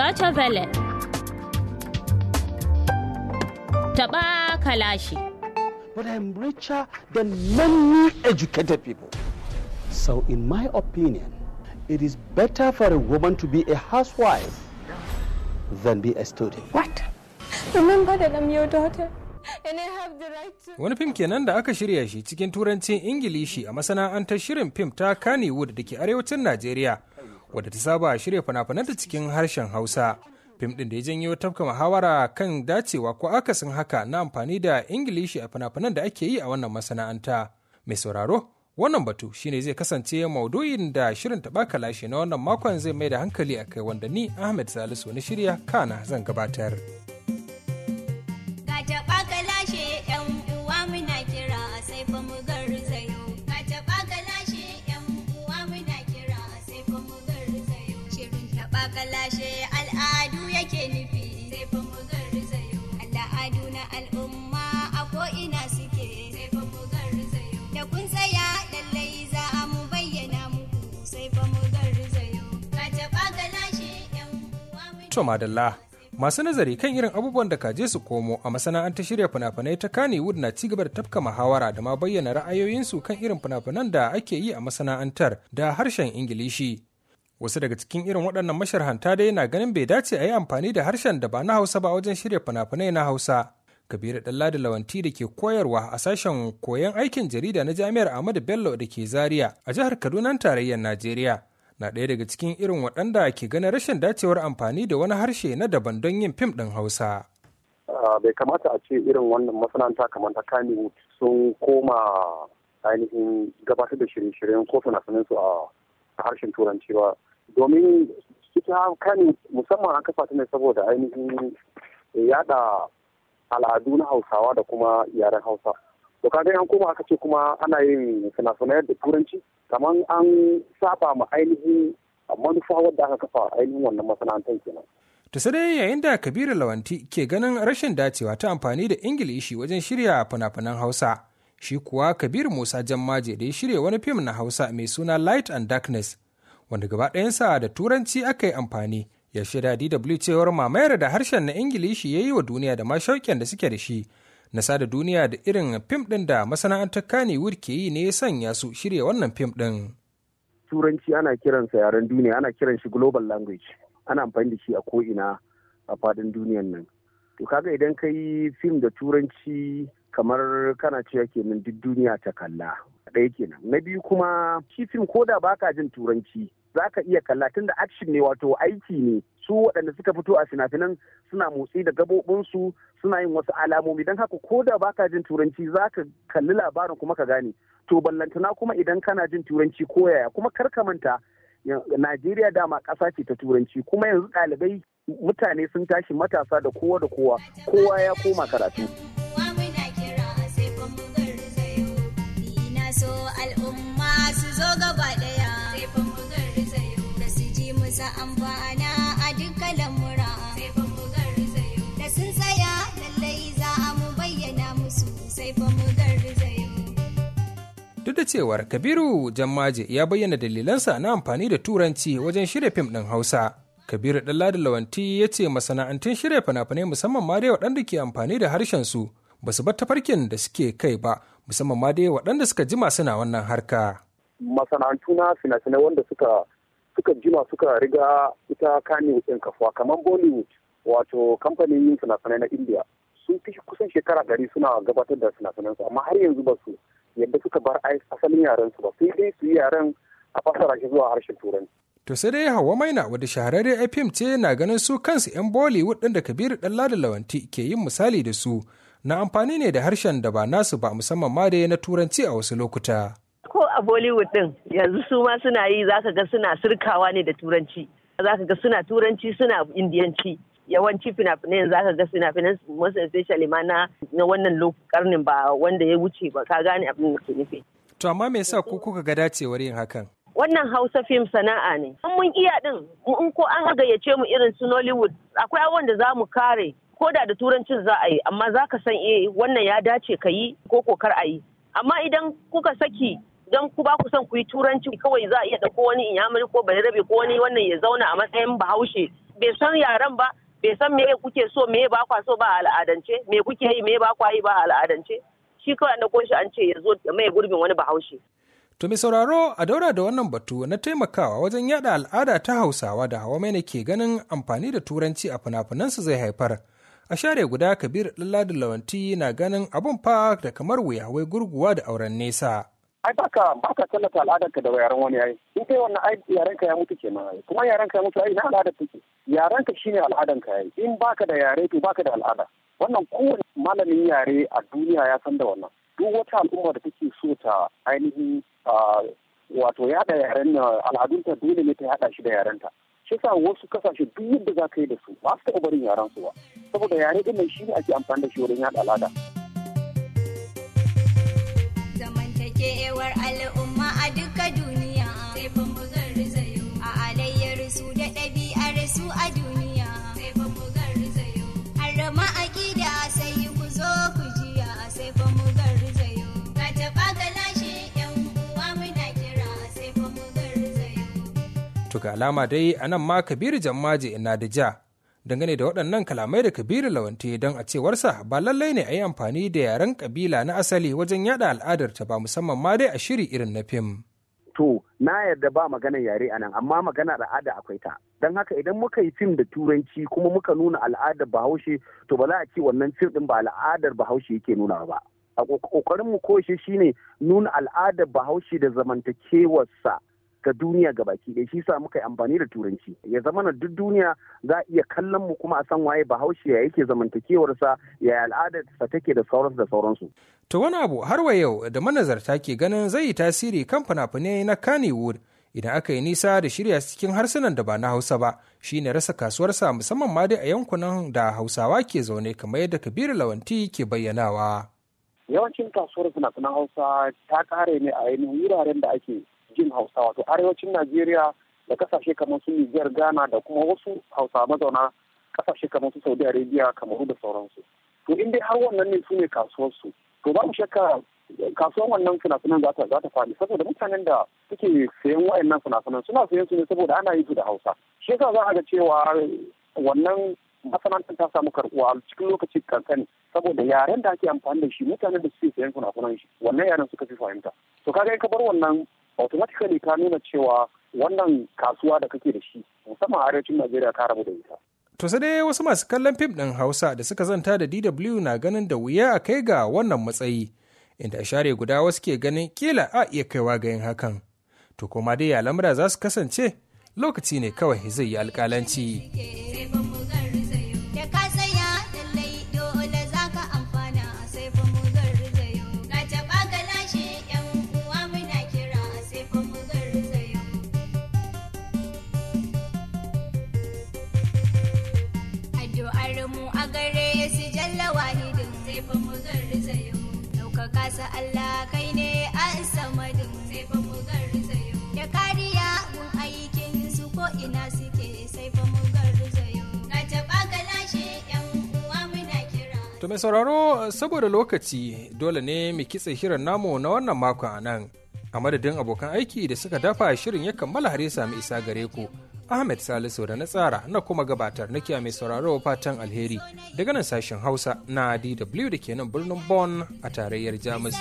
Deutsche Welle. Taba kalashi. But I'm richer than many educated people. So in my opinion, it is better for a woman to be a housewife than be a student. What? Remember that I'm your daughter. Wani fim kenan da aka shirya shi cikin turancin Ingilishi a masana'antar shirin fim ta Kannywood da ke arewacin Najeriya wadda ta saba shirya fina-finanta cikin harshen hausa fim ɗin da ya janyo tafka muhawara kan dacewa ko akasin haka na amfani da ingilishi a fina-finan da ake yi a wannan masana'anta mai sauraro wannan batu shine zai kasance maudu'in da shirin taɓa kalashi na wannan makon zai mai da hankali a kai wanda ni ahmed salisu na shirya kana zan gabatar. Musa madalla masu nazari kan irin abubuwan da kaje su komo a masana'antar shirya fina-finai ta kannywood na ci gaba da tafka muhawara da ma bayyana ra'ayoyinsu kan irin fina-finan da ake yi a masana'antar da harshen ingilishi wasu daga cikin irin waɗannan masharhanta dai na ganin bai dace a yi amfani da harshen da ba na hausa ba wajen shirya fina-finai na hausa kabiru ɗalla da lawanti da ke koyarwa a sashen koyon aikin jarida na jami'ar ahmadu bello da ke zaria a jihar kaduna tarayyar najeriya na ɗaya daga cikin irin waɗanda ke ganin rashin dacewar amfani da wani harshe na daban don yin fim ɗin Hausa. Bai kamata a ce irin wannan masana'anta kamar ta Kannywood sun koma ainihin gabatar da shirye-shiryen ko fina su a harshen Turanci ba. Domin ita Kannywood musamman an kafa ta ne saboda ainihin yada al'adu na Hausawa da kuma yaren Hausa. to ga an koma aka ce kuma ana yin fina da turanci kamar an saba ma ainihin manufa wadda aka kafa ainihin wannan masana'antar kenan ta sadai yayin da kabiru lawanti ke ganin rashin dacewa ta amfani da ingilishi wajen shirya fina-finan hausa shi kuwa kabiru musa jammaje da ya shirya wani fim na hausa mai suna light and darkness wanda gaba ɗayansa da turanci aka yi amfani ya shirya dw cewar mamayar da harshen na ingilishi ya yi wa duniya da ma shauƙin da suke da shi na sada duniya da irin fim ɗin da masana'antar Kannywood ke yi ne ya sanya su shirya wannan fim ɗin. Turanci ana kiransa yaren duniya ana kiran shi global language ana amfani da shi a ko'ina a fadin duniyan nan. To kaga idan ka yi fim da Turanci kamar kana cewa kenan duk duniya ta kalla ɗaya kenan. Na biyu kuma shi fim ko da baka jin Turanci za ka iya kalla tun da action ne wato aiki ne su waɗanda suka fito a finafinan suna motsi da gabobinsu suna yin wasu alamomi don haka ko da baka jin turanci za ka kalli labarin kuma ka gane to ballantana kuma idan kana jin turanci ko yaya kuma kar ka manta Najeriya dama ƙasa ce ta turanci kuma yanzu ɗalibai mutane sun tashi matasa da kowa da kowa kowa ya koma karatu. amfana a lallai za a bayyana musu sai duk da cewar kabiru jammaje ya bayyana dalilansa na amfani da turanci wajen shirya fim ɗin hausa kabiru ɗan da lawanti ya ce masana'antun shirya fina-finai musamman ma dai waɗanda ke amfani da harshen su ba su bar tafarkin da suke kai ba musamman ma dai waɗanda suka jima suna wannan harka masana'antu na fina-finai wanda suka suka jima suka riga ita kani ɗin kafuwa kamar bollywood wato kamfanin yin fina na india sun fi kusan shekara ɗari suna gabatar da fina su amma har yanzu ba su yadda suka bar asalin yaren su ba sai dai su yi yaren a fasara shi zuwa harshen turanci. to sai dai hawa maina wadda shahararren ipm ce na ganin su kansu yan bollywood ɗin da kabiru ɗalla da lawanti ke yin misali da su na amfani ne da harshen da ba nasu ba musamman ma da na turanci a wasu lokuta. a bollywood din yanzu su ma suna yi zaka ga suna sirkawa ne da turanci zaka ga suna turanci suna indiyanci yawanci fina-finan zaka ga fina-finan most especially ma na wannan karnin ba wanda ya wuce ba ka gane abin da ke nufi to amma me yasa ku kuka ga dacewar yin hakan wannan hausa fim sana'a ne in mun iya din in ko an gayyace mu irin su nollywood akwai abubuwan da za mu kare ko da da turancin za a yi amma za ka san eh wannan ya dace ka yi ko kokar a yi amma idan kuka saki don ku ba ku son ku yi turanci kawai za a iya dauko wani inyamuri ko bayarabe ko wani wannan ya zauna a matsayin bahaushe bai san yaren ba bai san me kuke so me ba kwa so ba al'adance me kuke yi me ba kwa yi ba al'adance shi kawai na koshi an ce ya zo da mai gurbin wani bahaushe To mai sauraro a daura da wannan batu na taimakawa wajen yada al'ada ta Hausawa da hawa mai ke ganin amfani da turanci a fina-finansu zai haifar. A share guda Kabir Lalladu Lawanti na ganin abun fa da kamar wuya wai gurguwa da auren nesa. ai baka baka tallata al'adarka da yaren wani ai in kai wannan ai yarenka ya mutu kenan ai kuma yarenka ya mutu ai na al'adar take yarenka shine al'adanka ai in baka da yare to baka da al'ada wannan kowane malamin yare a duniya ya san da wannan duk wata al'umma da take so ta ainihin wato yada yaren al'adunta dole ne ta yada shi da yarenta shi sa wasu kasashe duk yadda za ka yi da su ba su taɓa barin yaren su ba saboda yare ɗin nan shi ne ake amfani da shi wurin yada al'ada. kewar al'umma a duka duniya sai fa mu yau. a alayyar su da ɗabi'ar su a duniya sai fa mu yau. har a gida sai ku zo ku jiya sai fa mu yau. ga taɓa galashe yan uwa muna kira sai fa mu garzayo to ga alama dai anan ma kabiru jammaje na da ja dangane da waɗannan kalamai da kabiru lawante don a cewarsa ba lallai ne a yi amfani da yaren kabila na asali wajen yada al'adar ta ba musamman ma dai a shiri irin na fim. To na yarda ba maganar yare a nan amma magana al'ada akwai ta. Don haka idan muka yi fim da turanci kuma muka nuna al'adar bahaushe to ba za a ce wannan fim ɗin ba al'adar bahaushe yake nuna ba. A ƙoƙarin mu koshe shine nuna al'adar bahaushe da zamantakewarsa ga duniya ga baki ɗaya shi sa muka yi amfani da turanci ya zama na duk duniya za a iya kallon mu kuma a san waye bahaushe ya yake zamantakewarsa ya al'adarsa take da sauransu da sauransu. To wani abu har wa yau da manazarta ke ganin zai yi tasiri kan fina-finai na Kannywood idan aka yi nisa da shirya cikin harsunan da ba na Hausa ba shine rasa kasuwarsa musamman ma dai a yankunan da Hausawa ke zaune kamar yadda Kabiru Lawanti ke bayyanawa. Yawancin kasuwar fina-finan Hausa ta kare ne a yanayin wuraren da ake jin hausa wato arewacin najeriya da kasashe kamar su nijar ghana da kuma wasu hausa mazauna kasashe kamar su saudi arabia kamaru da sauransu to in dai har wannan ne su ne kasuwarsu to babu shakka kasuwan wannan fina-finan za ta faɗi saboda mutanen da suke sayan wa'annan fina suna sayan su ne saboda ana yi su da hausa shi yasa za a ga cewa wannan masana'antar ta samu karɓuwa a cikin lokaci kankani saboda yaren da ake amfani da shi mutanen da suke sayan fina shi wannan yaren suka fi fahimta to kaga ka bar wannan automatically ka nuna cewa wannan kasuwa da kake da shi musamman arewacin najeriya ka rabu da ita to sai dai wasu masu kallon fim din hausa da suka zanta da dw na ganin da wuya a kai ga wannan matsayi inda a share guda wasu ke ganin kila a iya kaiwa ga yin hakan to kuma dai ya lamura za su kasance lokaci ne kawai zai yi alkalanci. mu a gare su jalla wahidin sai fa mu zarri sayo ɗaukaka kasa Allah kai ne an samadin sai fa mu zarri sayo da kariya mun aikin su ko ina suke sai fa mu zarri sayo na taɓa galashe yan uwa muna kira. To mai sauraro saboda lokaci dole ne mu kitse shirin namu na wannan makon a nan. a madadin abokan aiki da suka dafa shirin ya kammala har ya sami isa gare ku Ahmed Salisu da na tsara na kuma gabatar na mai sauraro fatan alheri daga nan sashen Hausa na DW da ke nan birnin Bonn a tarayyar Jamus.